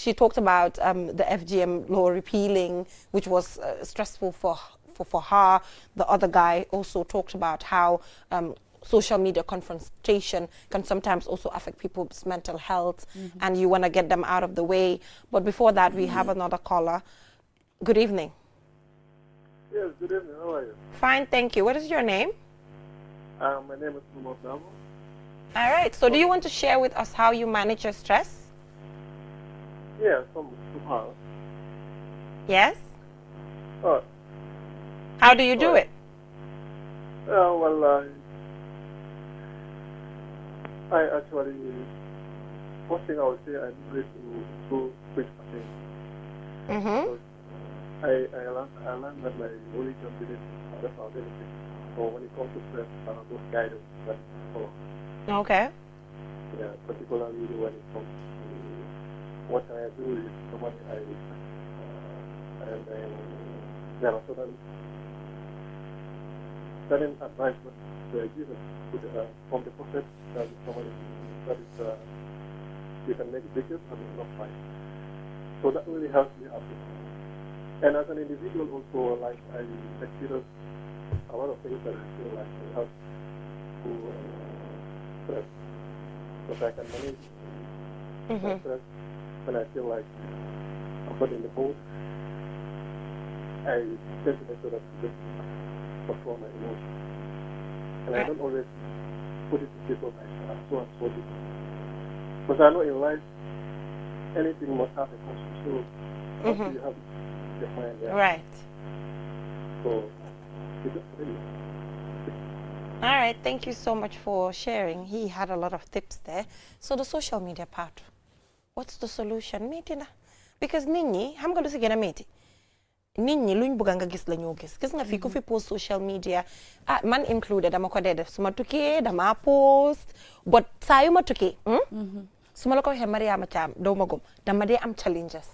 she talked about um, the FGM law repealing, which was uh, stressful for for, for her. The other guy also talked about how um, social media confrontation can sometimes also affect people's mental health mm -hmm. and you want to get them out of the way. But before that, we mm -hmm. have mm-hmm. another caller. Good evening. Yes, good evening. How are you? Fine, thank you. What is your name? Uh, my name is Mumo All right. So, do you want to share with us how you manage your stress? Yeah, somehow. Yes? Oh, how do you do it? Oh, well, uh, I actually, first thing I would say, I'm grateful to quick things. Mm-hmm. I, I, learned, I learned that my only job is the foundation. So when it comes to stress, I don't know guidance that follow. Okay. Yeah, particularly when it comes to what I do is someone I, uh, and I, there are certain certain advancements the users could, uh, from the process that is normally that is uh, you can make bigger and not fine. So that really helps me out. And as an individual also, like I experienced a lot of things that I feel like it helps to uh, stress so that I can manage mm-hmm. stress when I feel like I'm putting in the boat. I tend to make sure that perform my emotions. And I don't always put it to people myself, so I'm so because I know in life, anything must have a consequence. So mm -hmm. you have to define there. Right. So, really. All right, thank you so much for sharing. He had a lot of tips there. So the social media part, what's the solution? Meeting, because Nini, I'm going to see a meeting. Nini ñi luñ bëgg gis la ñoo Kis gis nga fi ku fi mm-hmm. post social media ah man included dama ko dee def su ma dama post but sa yu ma tukkee hmm? mm-hmm. su ma la ko waxee Mariama ama cham ma dama dee am challenges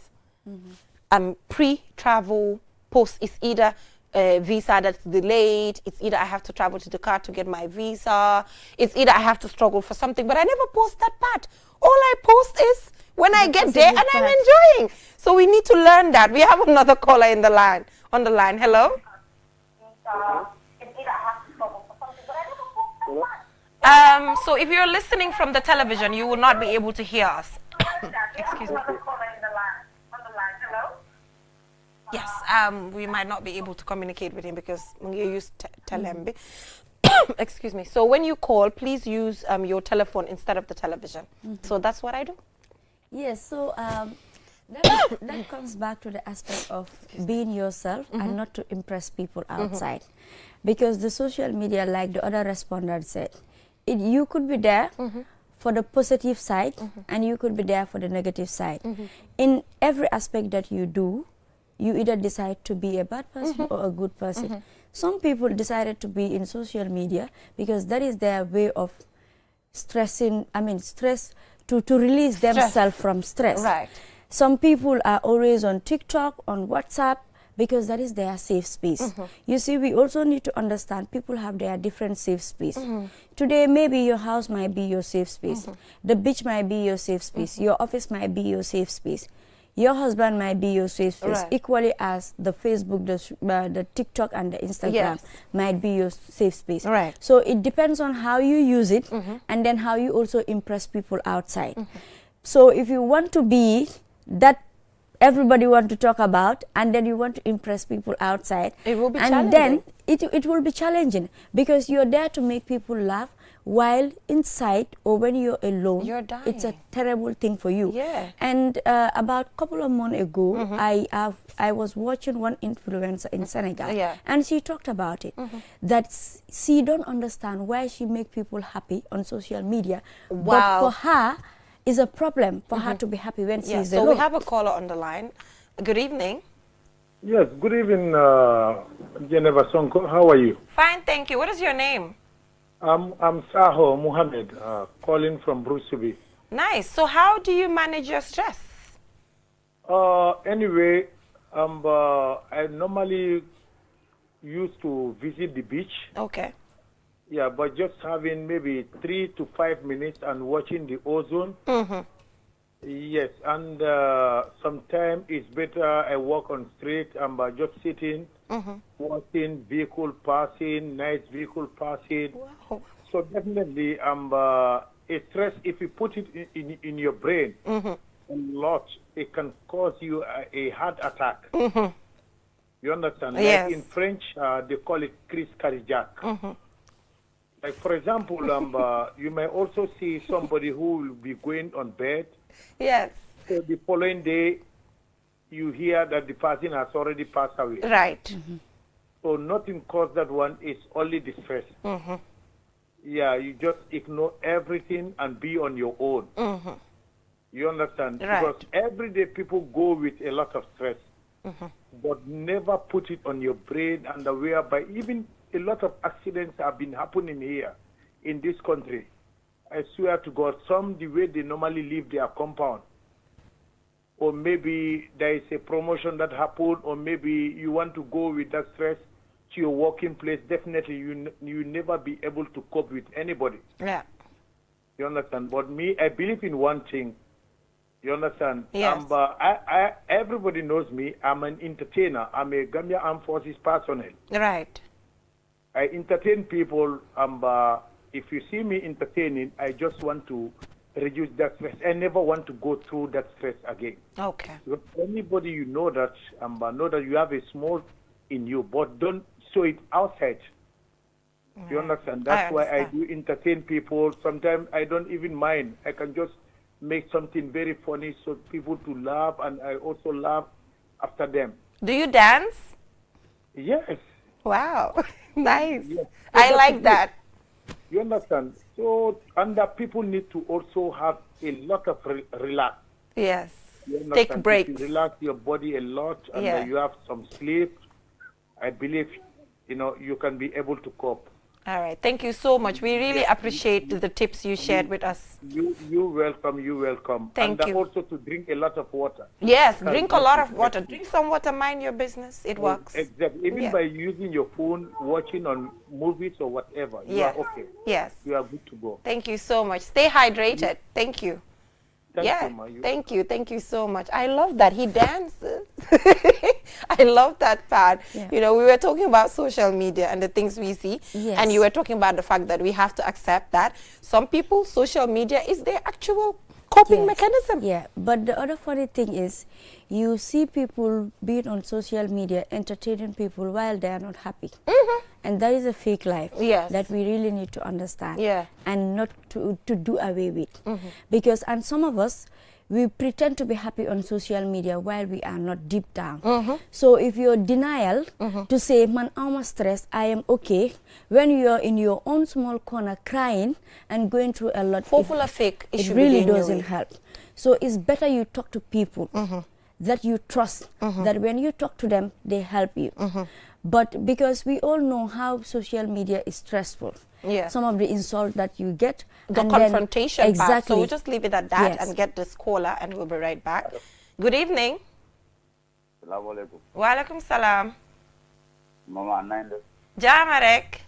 am mm-hmm. pre travel post is either Uh, visa that's delayed. It's either I have to travel to Dakar to get my visa. It's either I have to struggle for something. But I never post that part. All I post is when I get there and I'm enjoying. So we need to learn that. We have another caller in the line. On the line, hello. Um, so if you're listening from the television, you will not be able to hear us. Excuse me. Yes, um, we might not be able to communicate with him because you use te mm-hmm. Excuse me. So when you call, please use um, your telephone instead of the television. Mm -hmm. So that's what I do. Yes, so um, that, that comes back to the aspect of being yourself mm -hmm. and mm-hmm. not to impress people mm-hmm. outside. Mm -hmm. Because the social media, like the other respondent said, it, you could be there mm -hmm. for the positive side mm-hmm. and you could be there for the negative side. In every aspect that you do, you either decide to be a bad person or a good person. Some people decided to be in social media because that is their way of stressing, I mean, stress to, to release themselves from stress. Right. Some people are always on TikTok, on WhatsApp, because that is their safe space. Mm -hmm. You see, we also need to understand people have their different safe space. Mm -hmm. Today, maybe your house might be your safe space. Mm -hmm. The beach might be your safe space. Mm-hmm. Your office might be your safe space your husband might be your safe space right. equally as the facebook the, uh, the tiktok and the instagram yes. might be your safe space right so it depends on how you use it mm -hmm. and then how you also impress people outside mm -hmm. so if you want to be that everybody want to talk about and then you want to impress people outside it will be and then it, it will be challenging because you're there to make people laugh while inside or when you're alone, you're it's a terrible thing for you. Yeah. And uh, about a couple of months ago, mm -hmm. I have, I was watching one influencer in mm-hmm. Senegal, yeah. and she talked about it mm -hmm. that she don't understand why she make people happy on social media, wow. but for her is a problem for mm -hmm. her mm-hmm. to be happy when yeah. she's so alone. So we have a caller on the line. Good evening. Yes, good evening, uh, Geneva Sonko. How are you? Fine, thank you. What is your name? I'm, I'm Saho Muhammad, uh, calling from Brusubi. Nice. So how do you manage your stress? Uh, anyway, um, uh, I normally used to visit the beach. Okay. Yeah, but just having maybe three to five minutes and watching the ozone. Mm -hmm. Yes, and uh, sometimes it's better I walk on street and by just sitting, mm -hmm. watching vehicle passing, night vehicle passing. Wow. So definitely, um, uh, a stress, if you put it in, in, in your brain mm -hmm. a lot, it can cause you a, a heart attack. Mm -hmm. You understand? Yes. Like in French, uh, they call it Chris cardiaque. Mm mm-hmm. like, for example, um, uh, you may also see somebody who will be going on bed, Yes. So the following day, you hear that the person has already passed away. Right. Mm -hmm. So nothing caused that one. It's only distress. Mm -hmm. Yeah, you just ignore everything and be on your own. Mm -hmm. You understand? Right. Because every day people go with a lot of stress, mm-hmm. but never put it on your brain and whereby even a lot of accidents have been happening here in this country. I swear to God, some the way they normally leave their compound, or maybe there is a promotion that happened, or maybe you want to go with that stress to your working place. Definitely, you you never be able to cope with anybody. Yeah. You understand? But me, I believe in one thing. You understand? Yes. Um, uh, I, I, everybody knows me. I'm an entertainer. I'm a Gambia Armed Forces personnel. Right. I entertain people. Um, uh, if you see me entertaining, I just want to reduce that stress. I never want to go through that stress again. Okay. anybody you know that, Amber, know that you have a small in you, but don't show it outside. You understand? That's I understand. why I do entertain people. Sometimes I don't even mind. I can just make something very funny so people to laugh, and I also laugh after them. Do you dance? Yes. Wow, nice. Yes. I like that. You understand? So, and that people need to also have a lot of re relax. Yes. Take breaks. You relax your body a lot and yeah. you have some sleep. I believe, you know, you can be able to cope. All right. Thank you so much. We really yes. appreciate the tips you shared with us. You you welcome. You welcome. Thank and uh, you. also to drink a lot of water. Yes, drink a lot of water. Drink some water. Mind your business. It works. Exactly. Even yeah. by using your phone, watching on movies or whatever, you yes. are okay. Yes. You are good to go. Thank you so much. Stay hydrated. Thank you. Thank yeah, you, thank you, thank you so much. I love that he dances. I love that part. Yeah. You know, we were talking about social media and the things we see, yes. and you were talking about the fact that we have to accept that some people, social media is their actual coping yes. mechanism. Yeah, but the other funny thing is you see people being on social media entertaining people while they are not happy. Mm -hmm. And that is a fake life yes. that we really need to understand yeah. and not to, to do away with. Mm -hmm. Because, and some of us, we pretend to be happy on social media while we are not deep down. Mm -hmm. So if are denial mm -hmm. to say, man, I'm stressed, I am okay, when you are in your own small corner crying and going through a lot, Popular it, fake it really doesn't help. So it's better you talk to people mm -hmm. that you trust, mm-hmm. that when you talk to them, they help you. Mm-hmm. But because we all know how social media is stressful, yeah. some of the insult that you get. The confrontation then, Exactly. Part. So we'll just leave it at that yes. and get this caller and we'll be right back. Good evening. Assalamu alaikum. Wa alaikum salam. Mama Nande. Jaama rek.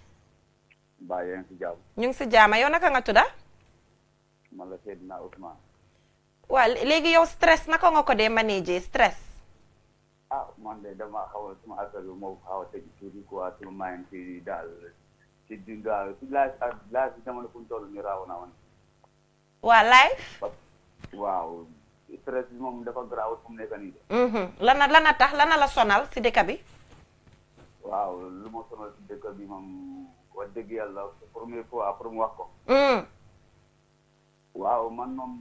Mbaa yéen si jaam. ñu si jaama yon naka nga tudda. man la Seydina Ousmane. waaw léegi yow stress naka nga ko dee manager stress. ah man de dama xaw a suma affaire bi moo xaw a tëj tuuti quoi waaw si laaj ak laaj bi jamono fu mu raaw naa woon. waa live. waaw stress bi moom dafa garaawul fu mu nekk nii de. Mm-hmm. lana lana tax lana la sonal si dëkk bi. waaw lu ma sonal si dëkk bi moom wax dëgg yàlla première fois pour mu wax ko. Mm. waaw man moom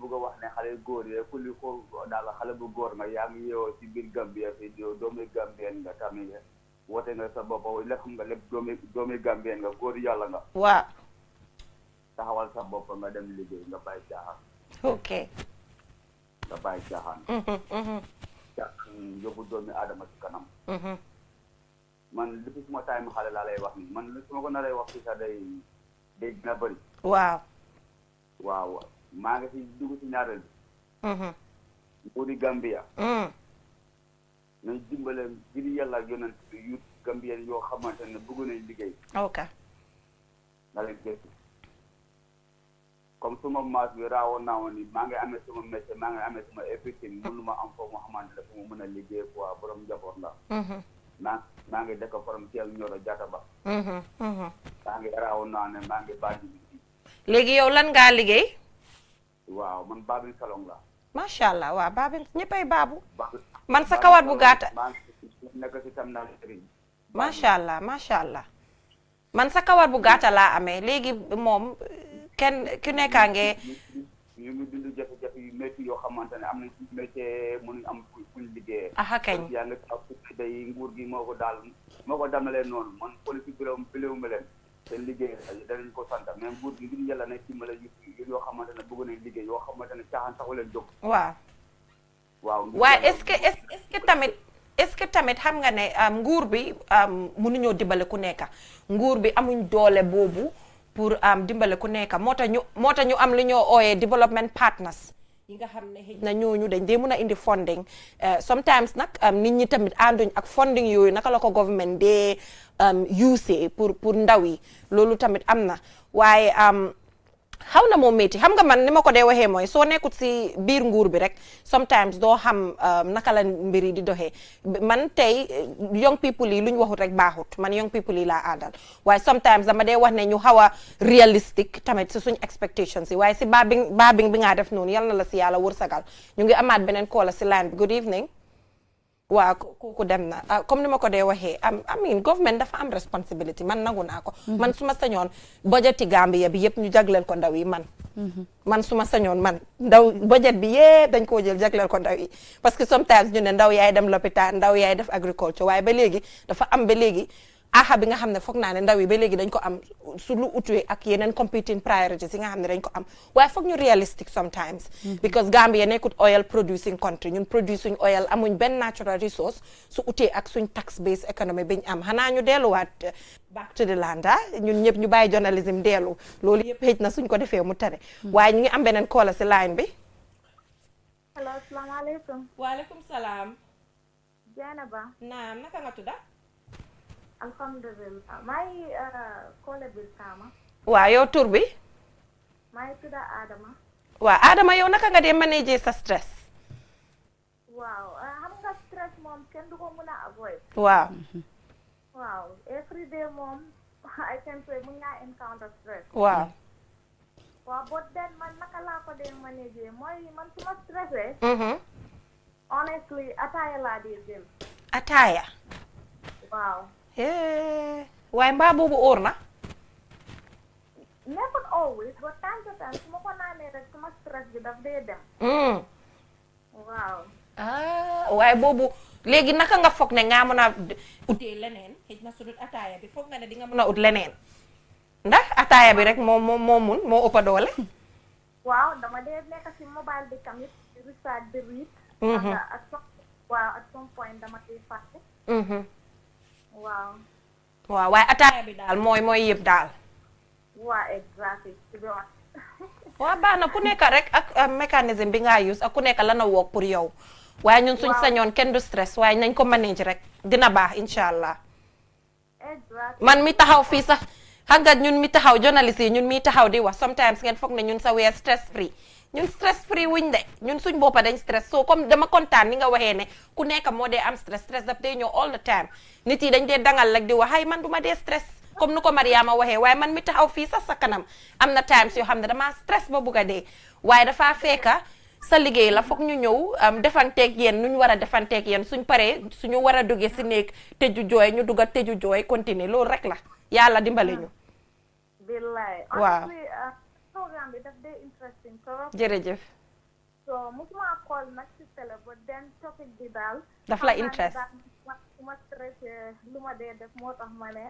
dama wax ne xale góor yi ku li ko daal xale bu góor nga yaa ngi yeewoo si biir Gambia fii doomi Gambien nga tamit. woote nga sa bopp wala xam nga lépp doomi doomi nga góor yàlla nga. waaw. taxawal sa bopp nga dem liggéey nga bàyyi caaxaan. ok. nga bàyyi caaxaan. Mhm, mhm. caaxaan yóbbu doomi aadama ci kanam. Mhm. man depuis suma time xale laa lay wax nii man li suma ko na lay wax ci sax day day dina bëri. waaw. waaw maa ngi si dugg si ñaareel bi. nguuri Gambia. nañ dimbaleen ngir yàlla ak yonent bi yu gambien yoo xamante ne bëgg nañ liggéey ok na leen gëstu comme suma maas bi raawoon naa woon maa ngi amee suma métier maa ngi amee suma effectif mënu ma am foofu ma xamante ne fu mu mën a liggéey quoi borom njaboot la mhm. maa maa ngi dëkk forom teel ñoro jata mhm, mhm. maa ngi raawoon naa ne maa ngi baaji bi léegi lan ngaa liggéey waaw man baabin salon la macha allah waaw baabin ñëppay baabu man sa kawar bu gàtt. macha allah macha allah man sa kawar bu gàtt laa amee léegi moom kenn ku nekkaa ngee. ñu ngi dund jafe-jafe yu métti yoo xamante ne am nañ métier am fuñ liggéeyee. ah kañ yàlla day nguur gi moo ko daal moo ko damalee noonu man politique bi la wu ma leen. seen liggéey danañ ko sant mais nguur gi ngir yàlla na ci mala yu yoo xamante ne bëgg nañ liggéey yoo xamante ne caaxaan saxu leen jóg. waaw. waaw waaye est-ce que est tamit est-ce que tamit xam nga ne nguur bi ñoo dimbale ku nekka nguur bi amuñ doole boobu pour dimbale ku nekk moo ta ñu moo tax ñu am lu ñoo ooyee development partners. yi nga xam ne xëj na ñooñu dañ dee mun a indi funding eh, sometimes nag nit ñi tamit ànduñ ak funding yooyu naka la ko government dee use pour pour ndaw yi loolu tamit am na waaye. xaw na moo métti xam nga man ni ma ko dee waxee mooy soo nekkut si biir nguur bi rek sometimes doo xam euh, naka la mbir yi di doxee man tey euh, young people yi lu ñu waxut rek baaxut man young people yi laa aadal waaye sometimes ma dee wax ne ñu xaw a realistic tamit si suñu expectations yi waaye si baabing baabing bi ngaa def noonu yal na la si yàlla wërsagal ñu ngi amaat beneen koola si line bi good evening. waa kooku dem na ah, comme ni ma ko dee waxee am I mean government dafa am responsibility man nangu naa ko. Mhm. man su ma sañoon budget Gambia bi yëpp ñu jagleel ko ndaw yi man. Mhm. man su ma sañoon man ndaw budget bi yëpp dañ koo jël jagleel ko ndaw parce que sometimes ñu ne ndaw yaay dem lopitaan ndaw yaay def agriculture waaye ba léegi dafa am ba léegi. aha bi nga xam ne foog naa ne ndaw yi ba léegi dañ ko am su lu utwee ak yeneen competing priorities yi nga xam ne dañ ko am waaye foog ñu realistic sometimes mhm. because Gambia nekkut oil producing country ñun producing oil amuñ benn natural resource su utee ak suñ tax base economy biñ am xanaa ñu delluwaat eh, back to the land ah. ñun ñëpp ñu bàyyi journalism dellu loolu yëpp xëj na suñ ko defee mu tane mhm. waaye ñu ngi am beneen koola si line bi allo asalaamaaleykum waaleykum salaam Dieynaba naam naka nga tudda alhamdulilah maa uh, ngi Kole Birtama. waaw yow tur bi. maa ngi tudd Adama. waaw yow naka nga de manager sa stress. waaw uh, xam nga stress moom kenn du ko mën a avoid. waaw. Mhm. waaw every day moom I can say mun naa encounter man naka laa ko dee manager mooy man su ma stressé. Mhm. honestly ataaya laa dee jël. Yeah. waaye mbaa boobu urna never always ba temps de temps su ma ko naanee rek sama stress bi daf dee dem. ah waaye bubu léegi naka nga foog ne ngaa mën a utee na su dul ataaya bi foog nga ne di nga mën a ut leneen. ndax ataaya bi rek moo moo moo mun moo ëpp doole. waaw dama dee nekk si mobile bi tamit research di read. ak ak waaw at some point dama dee fàtte. Mm-hmm. waaw. waaw waaye ataaya bi daal mooy mooy yëpp daal. waaw baan waaw baax na ku nekk rek ak euh, mécanisme bi nga use ak ku nekk lana woog pour yow. waaye ñun suñ sañoon kenn du stress waaye nañ ko manage rek dina baax incha allah. man mi taxaw fii sax xam nga ñun mi taxaw journaliste yi ñun mi taxaw di wax sometimes ngeen foog ne ñun sa weer stress free. ñun stress free wuñ de ñun suñ boppa dañ stress so comme dama kontaan ni nga waxee ne ku nekk moo dee am stress stress daf dee ñëw all the time nit yi dañ dee dangal lak di wax ay man du ma dee stress comme nu ko Mariama waxee waaye man mi taxaw fii sax sa kanam am na times yoo xam ne dama stress ba bugg a dee waaye dafaa fekka sa liggéey la foog ñu ñëw defanteeg yéen nu ñu war a defanteeg yéen suñ paree suñu war a duggee si néeg tëju jooy ñu dugg a tëju jooy continuer loolu rek la yàlla dimbale ñu. trop. jërëjëf. so musuma call nag si télé ba bi daal. daf la interest su ma lu ma dee def moo tax ma ne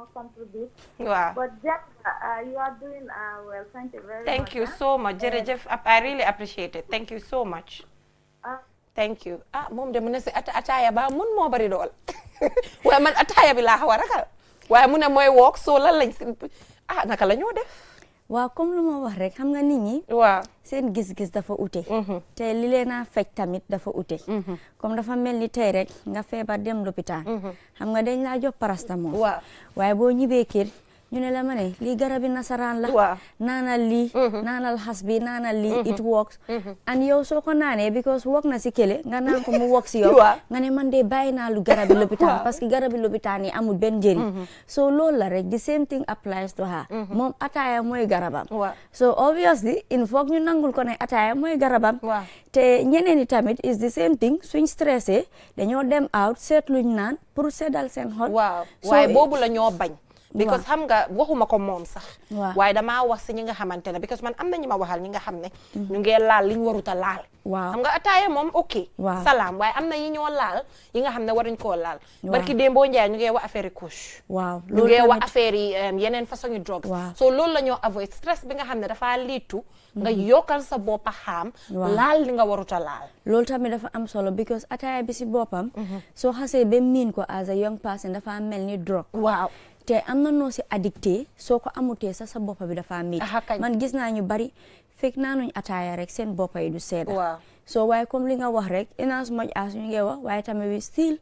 ma contribute. waaw but Jack uh, you are doing uh, well thank you very much. thank you so much I really appreciate thank you so much. thank you ah moom de mu ne si ataaya ba mun moo bari dool waaye man ataaya bi laa a ragal waaye mu ne mooy wook soo lan lañ si ah naka la ñoo def. waaw comme lu ma wax rek xam nga nit ñi. waaw seen gis-gis dafa ute. Mm-hmm. te li leen a faj tamit dafa ute. Mm-hmm. comme dafa mel ni tey rek nga feebar dem lopitaan. Mm-hmm. xam nga dañ laa jox paracetamol. waaw waaye boo ñibbee kër. ñu ne la ma ne lii garabi nasaraan la. waaw naanal lii. Mhm. naanal xas bi naanal li mhm. it works. Mhm. and yow soo ko naanee because wok na si kële nga naan ko mu wok si yow. nga ne man de bàyyi naa lu garabi lopitaan parce que garabi lopitaan yi amul benn njëriñ. so loolu la rek the same thing applies to her. moom ataaya mooy garabam. so obviously il faut ñu nangul ko ne ataaya mooy garabam. te ñeneen i tamit is the same thing suñ stressé dañoo dem out seetluñ naan pour seddal seen xol. waaye boobu la ñoo bañ. because xam nga waxuma ko moom sax waaye dama wax si ñi nga xamante ne because man am na ñu ma waxal ñi nga xam ne ñu ngee laal li ñu waruta laal xam nga ataaya moom ok salaam waaye am na yi ñoo laal yi nga xam ne waruñ koo laal barki démboo njaay ñu ngee wax affaire yi couche waaw ñu ngee wax affaire yi yeneen façon yu drogue so loolu la ñoo avoid stress bi mhm. nga xam ne dafaa liitu nga yokkal sa boppa xaam laal li nga a laal loolu tamit dafa am solo because ataaya bi si boppam mhm. soo xasee ba miin ko as a young person dafa mel ni drogue waaw te am na noo si addicté soo ko amutee sa sa boppa bi dafa métti man gis naa ñu bari fekk naa nuñ ataaya rek seen boppa yi du seeda waaw so waaye comme li nga wax rek ina su maj as ñu ngi wax waaye tamit we still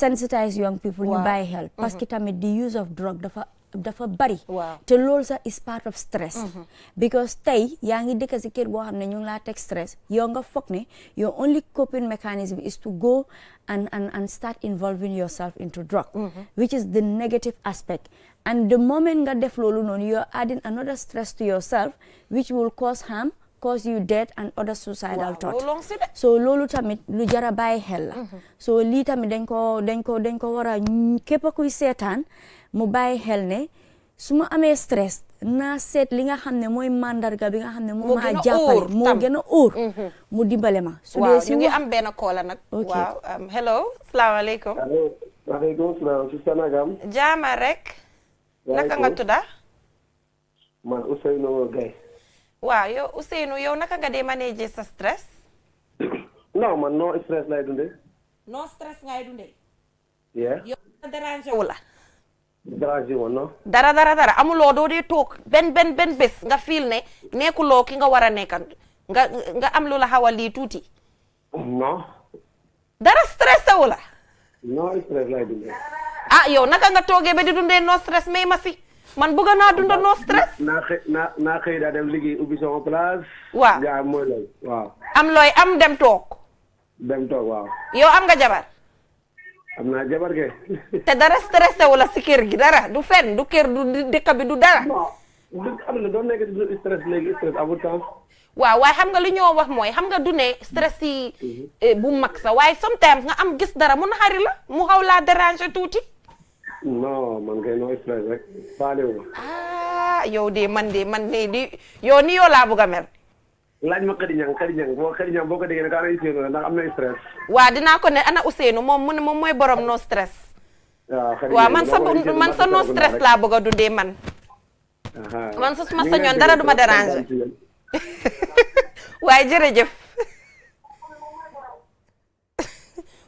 sensitize young people ñu bàyyi xel parce que mm-hmm. the use of drug dafa dafa bari te loolu sax is part of stress mm-hmm. because tey yaa ngi dëkk si kër boo xam ne ñu ngi laa teg stress yow nga foog ne your only coping mechanism is to go and start involving yourself into drug mm-hmm. which is the negative aspect and the moment nga def loolu noonu you're adding another stress to yourself which will cause harm cause you death and other suicidal thoughts so loolu tamit lu jara bàyyi mm-hmm. so lii tamit dañ ko dañ ko a mu bàyyi xel ne su ma amee stress naa seet li nga xam ne mooy mandarga bi nga xam ne moo ma jàppale moo gën a óor mhm. mu dimbale ma su dee si ñu ngi am benn koola nag waaw um, hello salaamaaleykum waaleykum salaam si sanagam jaama rek naka nga tudda man Ousseynou Gaye waaw yow Ousseynou yow naka nga dee manager sa stress non man non stress lay dundee non stress ngay dundee yow dérangé wu la dara no. dara dara dara lo do dee tok Ben, ben, ben bes nga feel ne lo ki nga wara nekan nga nga am lu la tuti no dara stress wala no stress la di ah yo, naka nga toge be di no stress may masi man buga na dunda no stress na na na xey da dem liggéey ubi son place wa gaa mooy loolu wa am loy am dem tok dem tok wa Yo, am nga jabar am naa jabar te dara stressé wala si kër gi dara du fenn du kër du dëkk bi du dara. non xam nga waaw waaye xam nga li ñoo wax mooy xam nga du ne stress yi. Mhm. Eh, bu mag sa waaye sometimes nga am gis dara mu naxari la mu xaw laa déranger tuuti. non man kay no stress rek faale wu ah yow de man de man de di yow ni yow laa bëgg a laaj ma Khady Niang Khady Niang boo ko déggee na stress. waaw dinaa ko ne ana Ousseynou moom mu mooy borom no stress. waaw man sa man stress laa bëgg a dundee man. man sa suma sañoon dara duma déranger.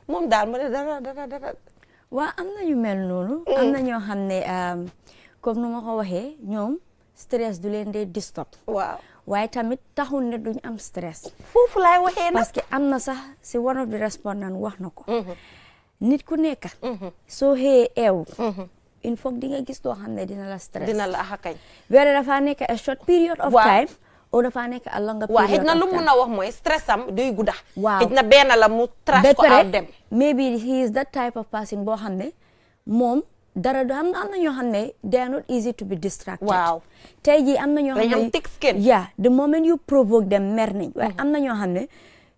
moom daal mu ne waa am na ñu mel noonu. Mm. am na ñoo xam ne kom euh, nu ma ko waxee ñoom stress du leen dee disturb. waaw. waaye tamit taxul ne duñ am stress. foofu laay waxee nag am na sax si one of the respondent wax na ko. Mhm. nit ku nekk. Mhm. so xëyee eew. Mhm. il faut di nga gis loo xam ne dina la stress. dina la axakay. weer dafaa nekk a short period of time. o dafa nekk a long period of time. waaw xëy na lu a wax mooy stress am duy gudda. waaw xëy la mu. trash ko aw dem mais bi he is that type of person boo xam ne moom. dara du am na ñoo xam ne they are not easy to be distracted. waaw tey jii am na ñoo xam ne dañoo thick skin. yeah the moment you provoke them mer nañ. Mm-hmm. am na ñoo xam ne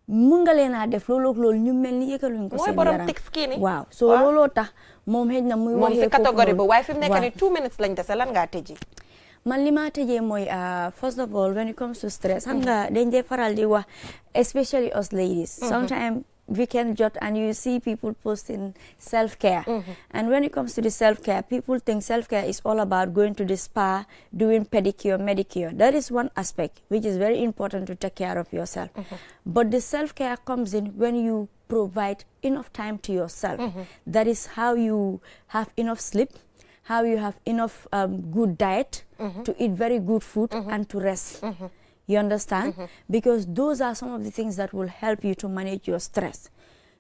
mun nga leen a def loolu loolu ñu mel ni yëkkaluñ ko seen yaram. mooy borom thick waaw so looloo tax moom xëy na muy. waxee moom si catégorie bi waaye fi mu nekk nii two minutes lañ dese lan ngaa tëji. man li ma tëjee mooy uh, first of all when it comes to stress. xam mm-hmm. nga dañ faral di wax especially us ladies. Mm-hmm. sometimes. weekend jot and you see people posting self-care mm -hmm. and when it comes to the self-care people think self-care is all about going to the spa doing pedicure medicure that is one aspect which is very important to take care of yourself mm -hmm. but the self-care comes in when you provide enough time to yourself mm -hmm. that is how you have enough sleep how you have enough um, good diet mm-hmm. to eat very good food mm-hmm. and to rest mm-hmm. You understand? Mm -hmm. Because those are some of the things that will help you to manage your stress.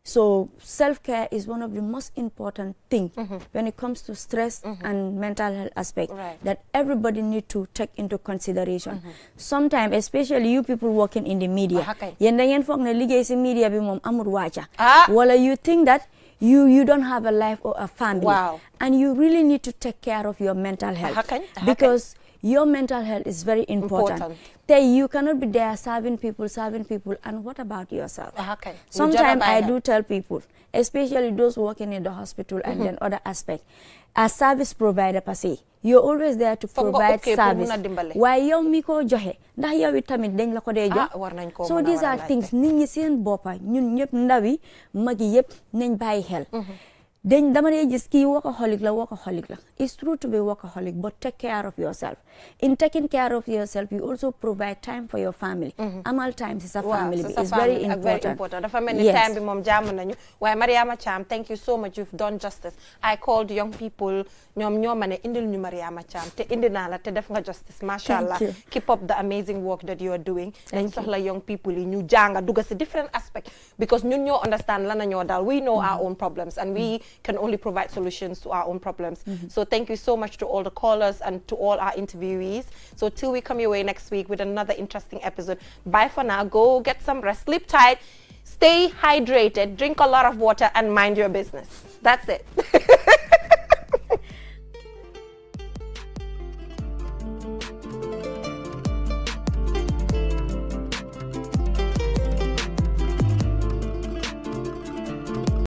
So self-care is one of the most important things mm -hmm. when it comes to stress mm -hmm. and mental health aspect right. that everybody need to take into consideration. Mm -hmm. Sometimes, especially you people working in the media, ah, yen fok media bi mom ah. you think that you you don't have a life or a family wow. and you really need to take care of your mental health ah, because your mental health is very important. important. you cannot be there serving people, serving people, and what about yourself? Ah, okay. Sometimes I do tell people, especially those working in the hospital mm -hmm. and mm-hmm. then other aspects. as service provider per se, you're always there to provide okay, service. Why you mi ko joxe ndax yow itamit dañ la ko dee ah, so these are things nit ñi seen boppa ñun ñëpp ndawi magi dañ dama dee gis kii workaholic la workaholic la it's true to be workaholic but take care of yourself in taking care of yourself you also provide time for your family mm-hmm. amal time si sa family bi is very important dafa mel ni time bi moom jàmm nañu waaye Mariama thank you so much you've done justice I called young people ñoom ñoo ma ne indil ñu Mariama Cham te indi naa la te def nga justice masha Allah keep up the amazing work that you are doing dañ soxla young people yi ñu jànga dugga si different can only provide solutions to our own problems. Mm -hmm. So thank you so much to all the callers and to all our interviewees. So till we come your way next week with another interesting episode. Bye for now. Go get some rest. Sleep tight. Stay hydrated. Drink a lot of water and mind your business. That's it.